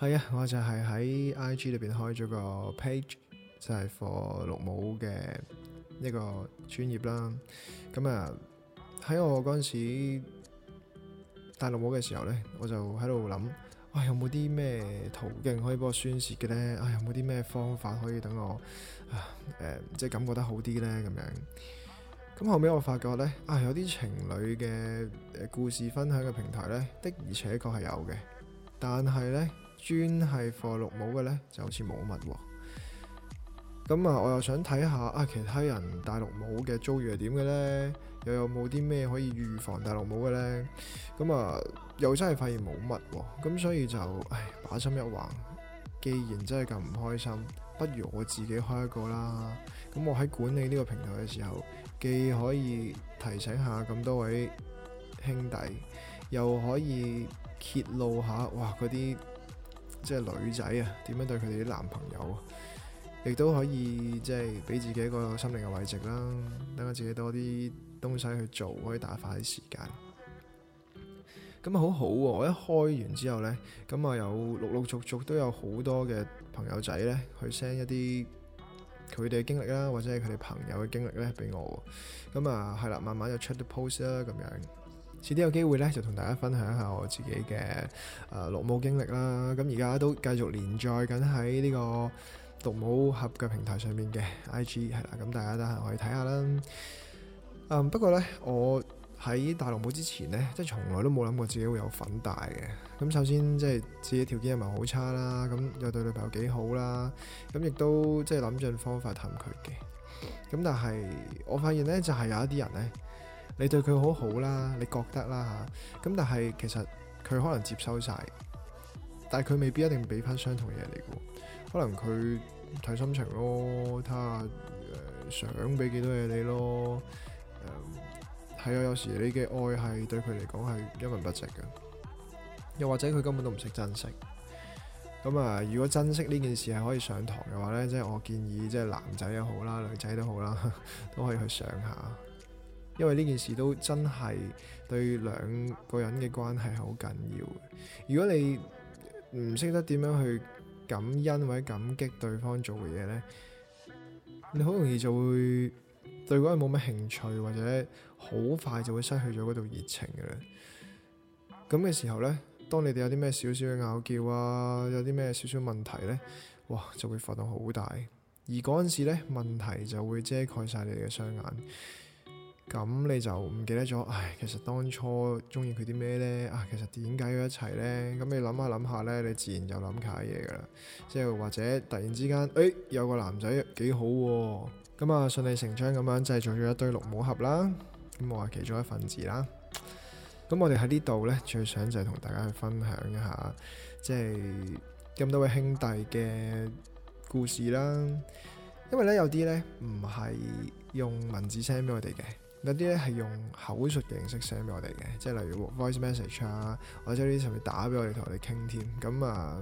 係啊，我就係喺 I G 裏邊開咗個 page，就係 for 綠帽嘅呢個專頁啦。咁啊，喺我嗰陣時戴綠帽嘅時候呢，我就喺度諗，哇、啊，有冇啲咩途徑可以幫我宣洩嘅呢？哎、啊，有冇啲咩方法可以等我誒、啊呃，即係感覺得好啲呢？咁樣咁，後尾我發覺呢，啊，有啲情侶嘅故事分享嘅平台呢，的而且確係有嘅，但係呢。專係防綠帽嘅呢，就好似冇乜喎。咁啊，我又想睇下啊，其他人戴綠帽嘅遭遇係點嘅呢？又有冇啲咩可以預防戴綠帽嘅呢？咁啊，又真係發現冇乜喎。咁所以就唉，把心一橫，既然真係咁唔開心，不如我自己開一個啦。咁我喺管理呢個平台嘅時候，既可以提醒下咁多位兄弟，又可以揭露下哇嗰啲，那些即係女仔啊，點樣對佢哋啲男朋友啊，亦都可以即係俾自己一個心靈嘅慰藉啦。等下自己多啲東西去做，可以打發啲時間。咁啊，好好喎，我一開完之後呢，咁啊有陸陸續續都有好多嘅朋友仔呢，去 send 一啲佢哋嘅經歷啦，或者係佢哋朋友嘅經歷呢，俾我啊。咁啊係啦，慢慢就出啲 post 啦咁樣。遲啲有機會咧，就同大家分享下我自己嘅誒綠帽經歷啦。咁而家都繼續連載緊喺呢個綠帽俠嘅平台上面嘅 IG 係啦。咁大家得閒可以睇下啦、嗯。不過呢，我喺戴綠帽之前呢，即係從來都冇諗過自己會有份戴嘅。咁首先即係、就是、自己條件又唔係好差啦，咁又對女朋友幾好啦，咁亦都即係諗盡方法氹佢嘅。咁但係我發現呢，就係、是、有一啲人呢。你對佢好好啦，你覺得啦吓，咁、啊、但係其實佢可能接收晒，但係佢未必一定俾翻相同嘢嚟嘅，可能佢睇心情咯，睇下想俾幾多嘢你咯，係、嗯、啊，有時你嘅愛係對佢嚟講係一文不值嘅，又或者佢根本都唔識珍惜。咁啊、呃，如果珍惜呢件事係可以上堂嘅話呢，即、就、係、是、我建議即、就是、男仔又好啦，女仔都好啦，都可以去上下。因為呢件事都真係對兩個人嘅關係好緊要。如果你唔識得點樣去感恩或者感激對方做嘅嘢呢，你好容易就會對嗰個人冇乜興趣，或者好快就會失去咗嗰度熱情嘅啦。咁嘅時候呢，當你哋有啲咩少少嘅拗撬啊，有啲咩少少問題呢，哇，就會發到好大，而嗰陣時呢，問題就會遮蓋晒你哋嘅雙眼。咁你就唔記得咗，唉，其實當初中意佢啲咩呢？啊，其實點解要一齊呢？咁你諗下諗下呢，你自然就諗下嘢噶啦。即係或者突然之間，誒、欸、有個男仔幾好咁啊，順理成章咁樣製造咗一堆綠帽俠啦。咁我話其中一份子啦。咁我哋喺呢度呢，最想就係同大家去分享一下，即係咁多位兄弟嘅故事啦。因為呢，有啲呢唔係用文字聲俾我哋嘅。有啲咧係用口述嘅形式寫俾我哋嘅，即係例如 voice message 啊，或者呢啲甚至打俾我哋同我哋傾添。咁啊，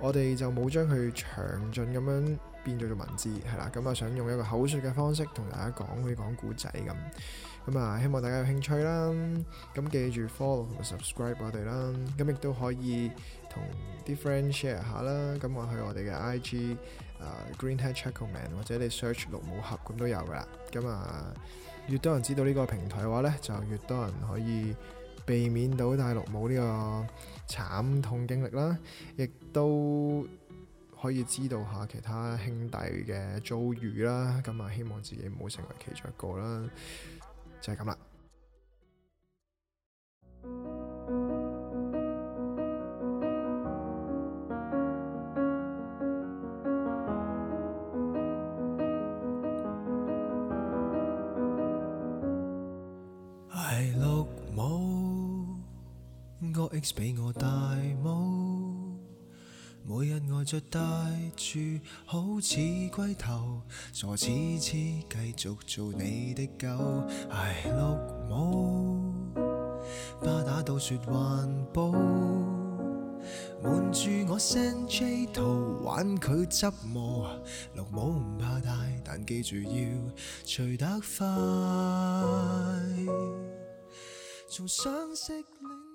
我哋就冇將佢詳盡咁樣變咗做文字，係啦。咁啊，想用一個口述嘅方式同大家講，好似講古仔咁。咁啊，希望大家有興趣啦。咁記住 follow 同埋 subscribe 我哋啦。咁亦都可以同啲 friend share 下啦，咁我去我哋嘅 IG，Greenhat、呃、Cuckoldman 或者你 search 綠帽盒咁都有噶啦。咁啊，越多人知道呢個平台嘅話呢，就越多人可以避免到戴綠帽呢個慘痛經歷啦，亦都可以知道下其他兄弟嘅遭遇啦，咁啊希望自己唔好成為其中一個啦，就係咁啦。個 X 俾我戴帽，每日呆着戴住，好似龜頭，傻痴痴繼續做你的狗。唉，綠帽巴打到說環保，瞞住我 send J 圖玩佢執磨。綠帽唔怕戴，但記住要除得快。從相識戀。